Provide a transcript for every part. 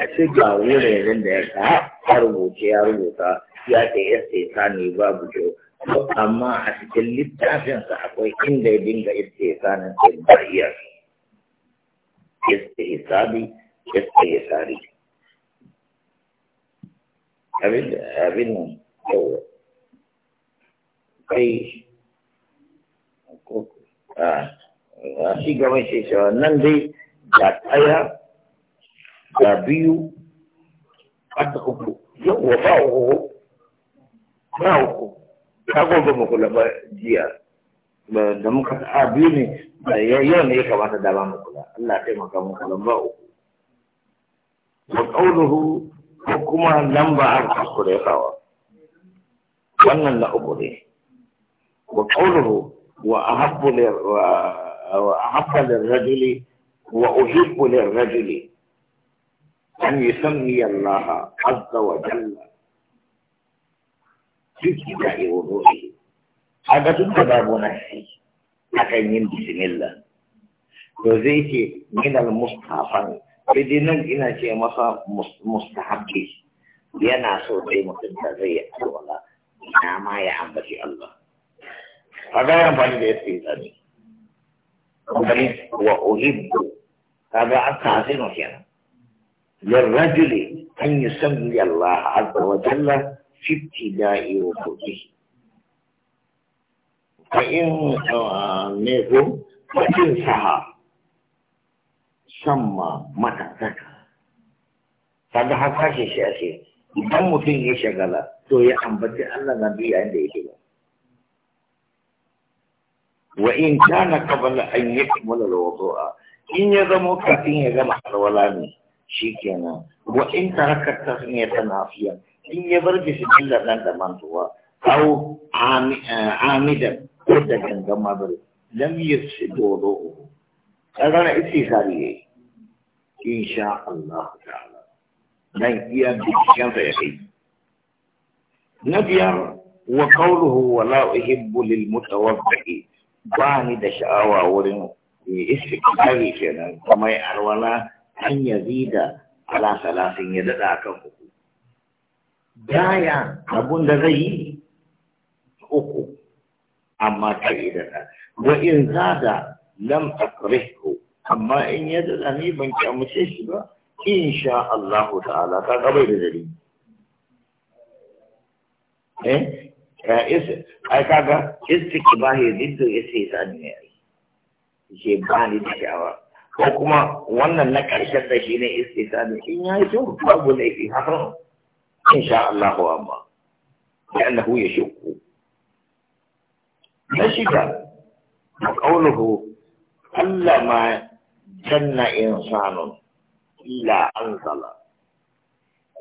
a ga wuraren da ya ta a rubuce ya rubuta ya ce istesa ne babu kyau to amma a cikin littafinsa akwai inda ya dinga istesa nan sai ba iya istihisabi istihisari abin abin nan yau kai ko a shi gaban shi nan dai ga tsaya ga biyu har uku yau wa ba uku ba uku ka gobe mu kula ba jiya da muka a biyu ne yau ne ya kamata da ba mu kula Allah taimaka mu kula ba uku wa qawluhu ko kuma lamba an kuskure kawa wannan na uku ne wa qawluhu wa ahabbu wa ahabbu lirrajuli wa uhibbu lirrajuli أن يسمي الله عز وجل في ابتداء وضوئه هذا تباب نفسي أكن بسم الله وزيك من المصطفى بدنا إن شيء مصا مستحبي ينا صوتي متنتهي ولا نعم يا عم بشي الله هذا يا ينفعني باستيزاني وأحب هذا التعزين كان للرجل أن يسمي الله عز وجل في ابتداء وقوته فإن نظم سهى سمى متى ذكر فده حكاشي شاسي idan mutum ya shagala to ya ambaci Allah na biya inda ya ba. wa in kana qabla an yakmala al-wudu'a in ya zama kafin ya gama alwala ne shi kenan wa in tarakar tana nafiya in ya bar bismillah nan da mantuwa aw amida ko da gangan mabari lam yufsidu ruhu kaga istikhari yayi insha Allah ta'ala dan iya bikin sa yake na biyar wa qawluhu wa la uhibbu lil ba ni da sha'awa wurin eh, istikhari kenan kamar arwala an zida ala salasin ya daɗa kan uku Daya abun da zai yi uku amma ta yi daɗa wa in zada lam akrihu amma in ya daɗa ne ban kyamuce shi ba sha Allah ta'ala ta ga bai da dalili eh ya isa ai kaga istikbahi ya yace sani ne ce ba ni da sha'awa ko kuma wannan na ƙarshen da shi ne ne in ya yi kyau ne laifi haram in sha Allah amma ya annahu ya shukku na shiga a ƙaunuhu Allah ma janna insanun illa an zala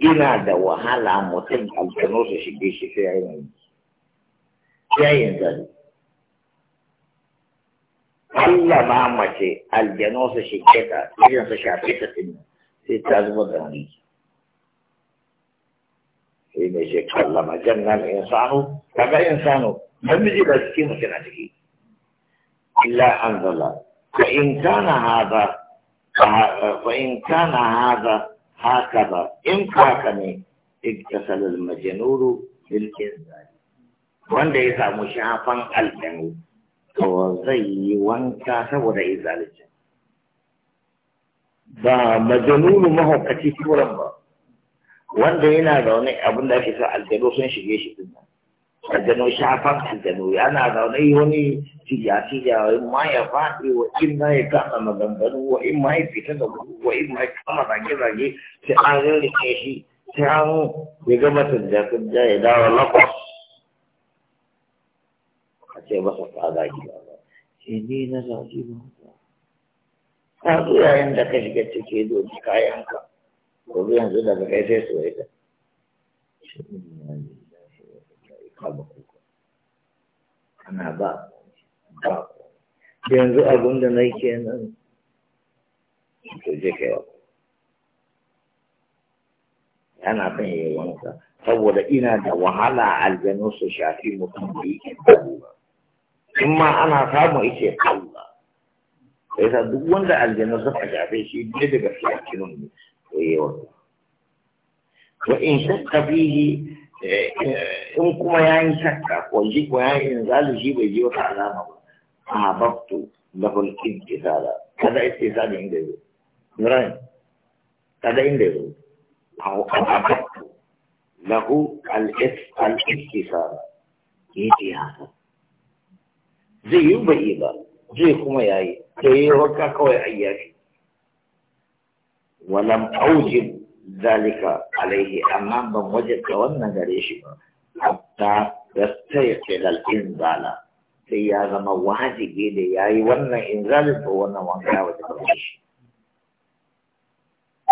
ina da wahala mutum aljanu su shige shi sai ya yayin zali Allah ma mace aljanu su shige ta irin su shafe ta din sai ta zuba da wani sai mai shi kallama jannan insanu kaga insanu miji ba ciki mace na ciki illa anzala fa in kana hada fa in kana hada هكذا إمكاكني اكتسل المجنون بالإنزال Wanda ya يسا shafan الجنوب to zai yi wanka saboda zalice. ba majanunu mahaukaci turan ba wanda yana da wani abin da ake sa aljano sun shige shi din nan aljano shafan aljano yana da wani wani tijatiya wa in ma ya faɗi wa in ma ya kama maganganu wa in ma ya fita da gudu wa in ma ya kama zage-zage sai an rirrike shi sai an ya gama tajjatun ya dawo lakwas a ce masa ka a ba sai ni na zagi ba ka zo yayin da ka shiga cike doki kayan ka ko yanzu daga kai sai soyayya ana ba ba yanzu abin da nai kenan to je kai wa ana son yi saboda ina da wahala aljanu su shafi mutum da yake ba in ma ana samu yake Allah sai sa duk wanda aljanna suka shafe shi dai daga fiyakinun ne eh, to yawa wa in shakka fihi eh, in kuma ya yi shakka ko shi ko ya yi zalu shi bai ji wata alama ba a habaktu lahul Kisara. kada sami inda yau Ibrahim kada inda yau a habaktu lahu al-istisala ce hasa zai yi bai yi ba zai kuma yayi to yi wanka kawai an Wannan walam aujib zalika alaihi amma ban wajabta wannan gare shi ba hatta yastayqil al inzala sai ya zama wajibi da yi wannan in to wannan wanka wajaba shi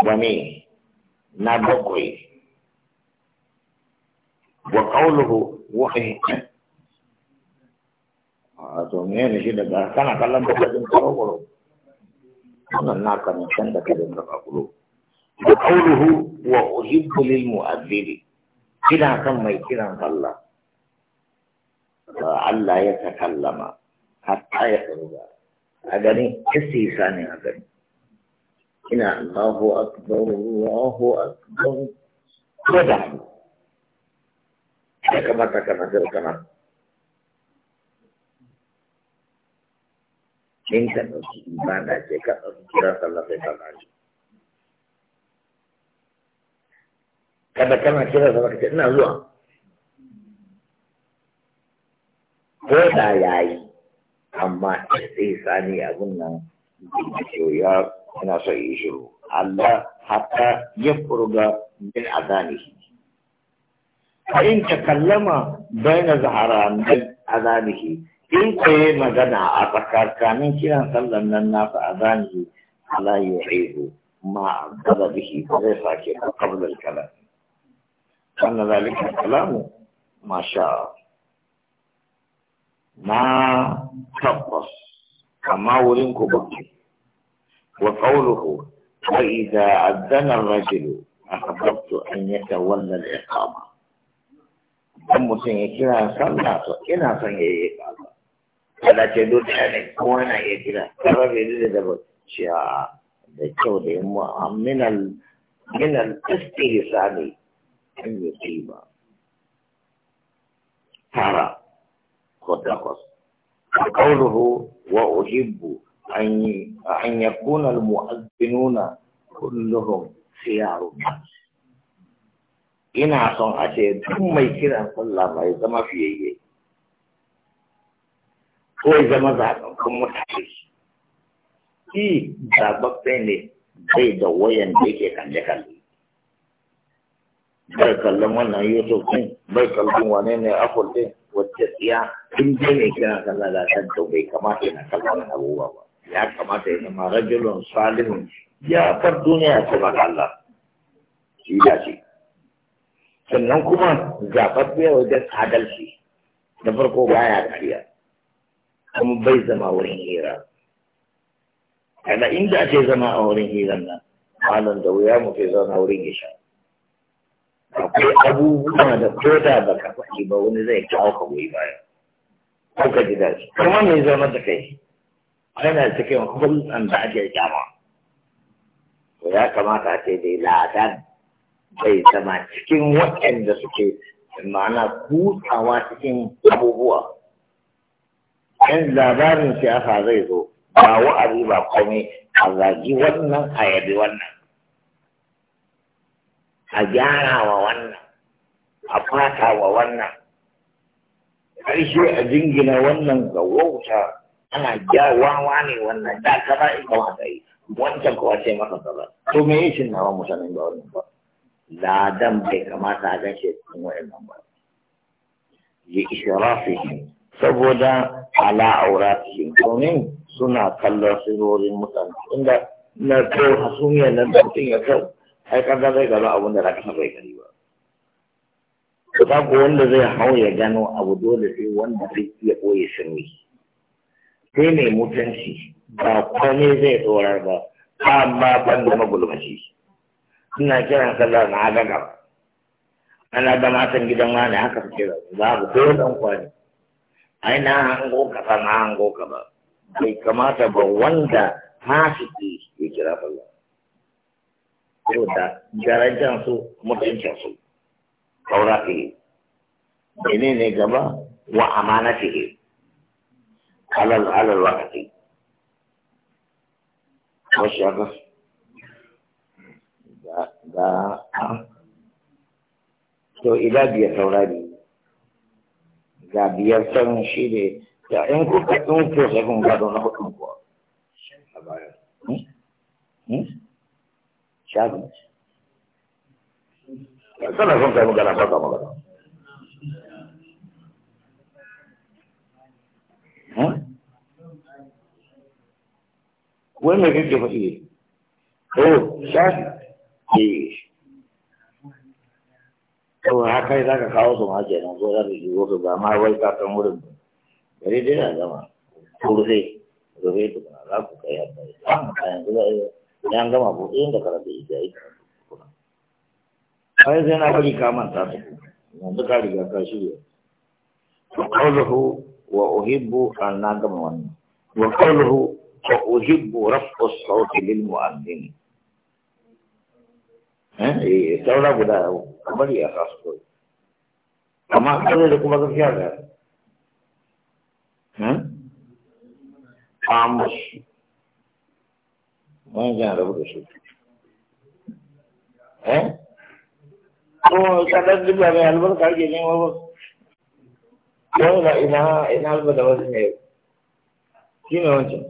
wani na bakwai wa qawluhu wa a ah, to ne shi daga kana kallon da kajin kwaro wannan na kan can da kajin kwaro-kwaro da kauluhu wa uhibbu lil mu'azziri kina kan mai kiran Allah Allah ya kallama. hatta ya tsuga a gani istisa ne a gani ina Allahu akbar Allahu akbar ko da ka kamata kana kana in ka ɗauki ka kira sallah sai ka gane kada kana kira sallah ka ina zuwa ko ya yi amma sai sani abin nan ya yana so yi shiru Allah hatta ya furga min azanihi fa in takallama baina zaharan min azanihi in ka yi magana a tsakankanin kiran sallan nan nasa a zani ala yi haihu ma gaba da shi ba zai sake ba kablar kalam wannan zalika kalamu masha na tabbas kama wurin ku ba wa qawluhu wa idza adana rajulu ahbabtu an yatawalla al-iqama dan mutum ya kira sallah to ina son yayi iqama Allah ce duk da ne ko wani ya gina kuma bai yi da dabar cewa da kyau da yin ma'a minal minal tasiri sami in yi fi ba tara ko takwas a kauruhu wa uhibbu an ya kuna mu'azzinuna kulluhum siyaru ina son a ce duk mai kiran sallah mai zama fiye yi ko zama zaɓaɓɓen mutane shi zaɓaɓɓe ne zai da wayan da yake kalle-kalle bai kallon wannan yusuf ɗin bai kallon wane ne apple ɗin wacce tsiya in je ne kira sallah da kan to bai kamata yana kallon abubuwa ba ya kamata ya zama rajulun salihun ya far duniya ce ba Allah shi da shi sannan kuma zaɓaɓɓe wajen adalci Na farko baya kariya kuma bai zama wurin hira kada inda ake zama a wurin hiran nan malam da wuya mu ke zauna wurin ya sha akwai abubuwa da ko da ba ka faɗi ba wani zai kawo ka goyi baya ko ka ji dace kuma mai zama da kai ana cikin hulɗan da ake kyama to ya kamata a ce dai ladan bai zama cikin waɗanda suke ma'ana kutsawa cikin abubuwa Yan labarin siyasa zai zo ba wa'azi ba komai a zagi wannan a yabi wannan a gyara wa wannan a fata wa wannan ƙarshe a jingina wannan ga wauta ana gyawawa ne wannan da kaza in kama ta yi wancan kawai ce maka kaza to me yi shi nawa mutanen ba wannan ba ladan bai kamata a gan shi cikin nan ba ya ishirafi saboda ala auratihim domin suna kallon sirorin mutane inda na kai hasumiya nan da mutum ya kai ai kaga zai gano abin da zaka san bai gani ba to ta ko wanda zai hau ya gano abu dole sai wanda zai iya boye sirri sai mai mutunci ba kome zai tsorar ba amma ban da magulmaci ina kiran sallah na gaga ana da matan gidan wani haka suke da babu ko dan kwani ai na hango kaza na hango kaza bai kamata ba wanda fasiki ya kira ba Allah saboda darajar su mutuncin su saura fiye menene gaba wa amana amanatihi alal alal waqti masya Allah ga ga to ila biya saurari ga biyar can shi ne da in kuka in ko sai kun gado na hudun kuwa hmm? hmm? shafi "Sana son kai magana ba ka magana hmm? wai mai kake faɗi ko oh, shafi eh saboda haka za ka kawo su ma nan ko za ka shigo su ba ma wai ka san wurin ba bari dai na gama kurfe rufe da kuma za ku kai hadda a yanzu ba ya gama buɗe inda karatu ita ita sai na bari ka manta su yanzu ka riga ka shirya وقوله وأحب wa نعلم وأنه وقوله وأحب رفع الصوت للمؤذن Eh? Eh, eh saura guda bari a kasu kawai amma kare da kuma gaskiya ga eh? famushi wani jan rabu da shi eh ko kadar dubba mai albarka da ina ina alba da wasu ne shi ne wancan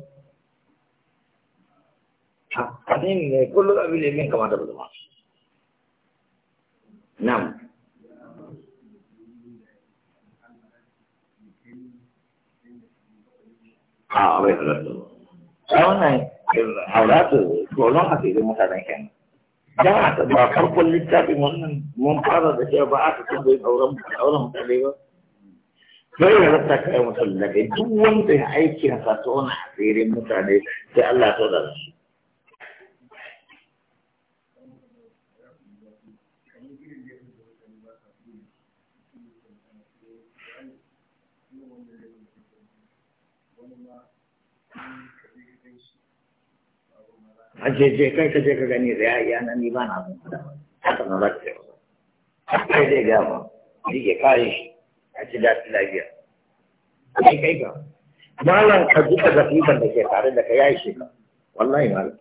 a ne kullum Nam. Ah, a bai halatta. A wannan haulatu tsoron a fiye mutanen kyan. Don haka ba farkon littafin wannan mun fara da cewa ba a ta tambayi auren mutane ba. Sai ya rasa kai mutum duk wanda ya aikin sa tona asirin mutane sai Allah ya tona da shi. aje je kai ka je ka gani da ya iya nan ni ba na son da ta na zaka kai dai ga ba ni ke kare shi a ci ta lafiya kai kai ka malam ka duka zafiban da ke tare da ka yayi shi ka wallahi malam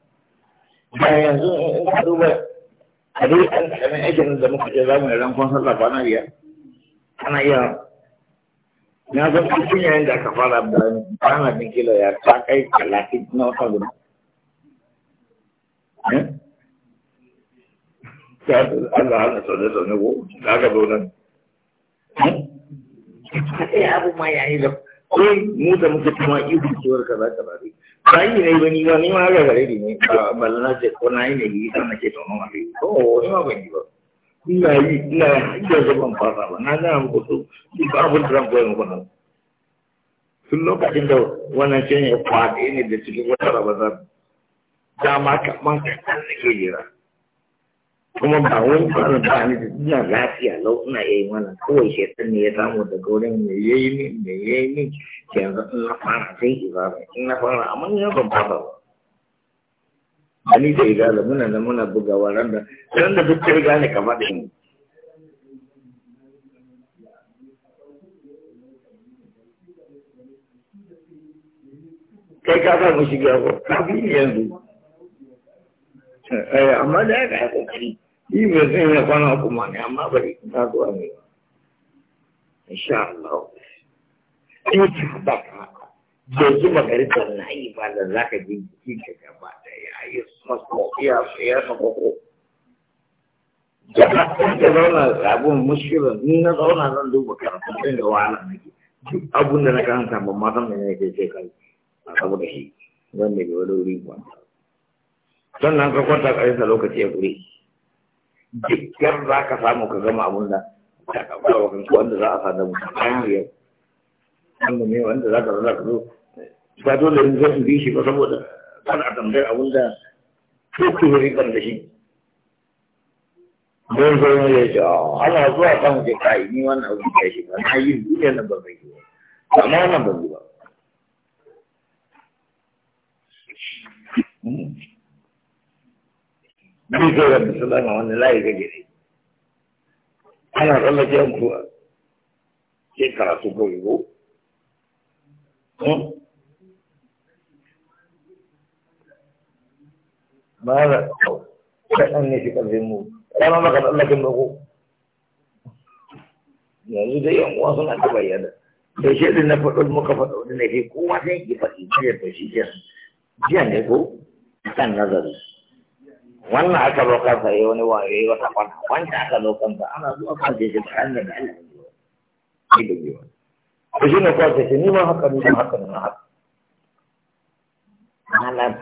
ba yanzu in ka duba a duk ɗan ƙaramin ajiyar da muka ce za mu yi rankon sallah kwana biyar ana iya na san cikin yayin da aka fara bayan ana bin kilo ya ta kai talatin na wata guda ta eh? Allah hana saune-saune ko da aka zo nan sai eh? abu ma yayi da kawai mu da muke kuma ihu cewar kaza kaza dai ba yi ne ba ni ba ni ma ga gare ni ne ba na ce ko na yi ne yi kan nake tono ma ko ni ma ban yi ba ina yi ina hanyar zaman fasa ba na gaya muku su su ba abin da zan koya muku nan tun lokacin da wannan shi ya kwaɗe ne da cikin wata rabazan dama kaman kaɗan da ke jira kuma ba wani fara ba ni da ina lafiya lau ina iya yi wannan kawai shaitan ne ya samu daga wurin me ya yi min me ya yi min yanzu in na fara sai ibara in fara amma ina ban fasa ba ani da igala muna da muna bugawa ran da ran da duk riga kamar da mu kai ka ba mu shiga ko ka bi yanzu eh amma da ka kokari yi ba zai na kwana kuma ne amma bari ka zuwa ne insha Allah in ki haɗa ka yanzu magarisar na yi ba da za ka ji jikin ka gaba da ya yi sako ya ya sako da ka zauna abun mushkilan ni na zauna zan duba karatun ɗin da wahala nake duk abun da na karanta ban ma san mene ke ce kai a saboda shi zan da wani wuri ba sannan ka kwanta ƙarshen lokaci ya kure duk za ka samu ka gama abun da ta kafa wanda za a sa da mutum bayan yau wanda ne wanda za ka za ka zo ba dole in zo in bi shi ba saboda kana tambayar abin da ko ku yi ban da shi don zo ne ya ce ah, ana zuwa kan ke kai ni wannan abin da shi ba na yi duniya na ba bai yi ba amma wannan ban yi ba Ni zo da musulama wani layi ga gire. Ana tsallake yankuwa. Sai karatu kawai ko ba da kaɗan ne shi ƙarfin mu rana maka tsallakin bako yanzu dai yan uwa suna ta bayyana da shi din na faɗo muka faɗo da ne sai kowa sai ki faɗi jiya to shi jiya jiya ne ko kan nazari wannan aka zo kansa ya eh, wani waye wata kwana wancan aka zo kansa ana zuwa kan jeje ta hanyar da Allah yi da biyu to shi ne kawai ce ni haka ni ma haka ni ma haka malam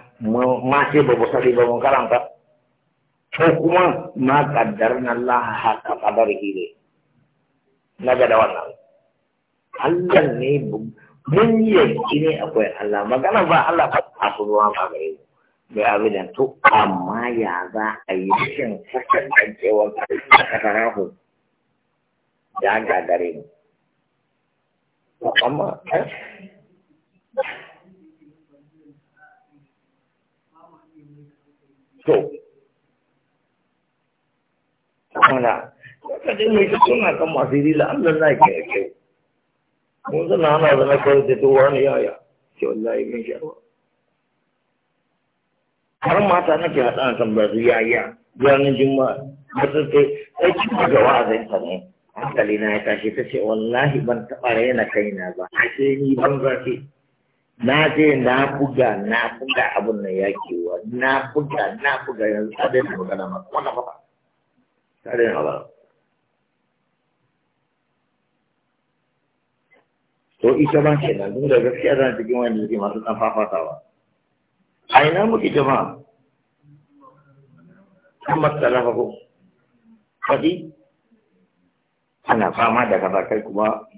ma ce ba busari ba mun karanta ko kuma ma kaddar na Allah haka kadar hire na ga wannan Allah ne mun yi yanki ne akwai Allah magana ba Allah ba a su ruwa ba gare bai abu da to amma ya za a yi shin sakan kancewar ka ta rahu ga gagare mu cái Sama. Eh? So. Mana? Kata ni sesungguhnya kamu masih di dalam dan naik ke ke. Mungkin anak anak kau itu Tuhan ya ya. Jodoh ini siapa? Karena mata anak jahat anak sembari ya ya. Jangan cuma betul betul. Eh cuma jawab ada yang sana. hankali na ya tashi ta ce wallahi ban taɓa raina kaina ba ce ni ban zafi na je na buga na buga abin nan ya kewa na buga na buga yanzu ta daina magana ma wannan ba ta daina magana to ita ba ke nan duk da gaskiya zan cikin wani jiki masu ɗan fafatawa a ina muke jama'a kan matsala ba ko faɗi ana fama da kaza kai kuma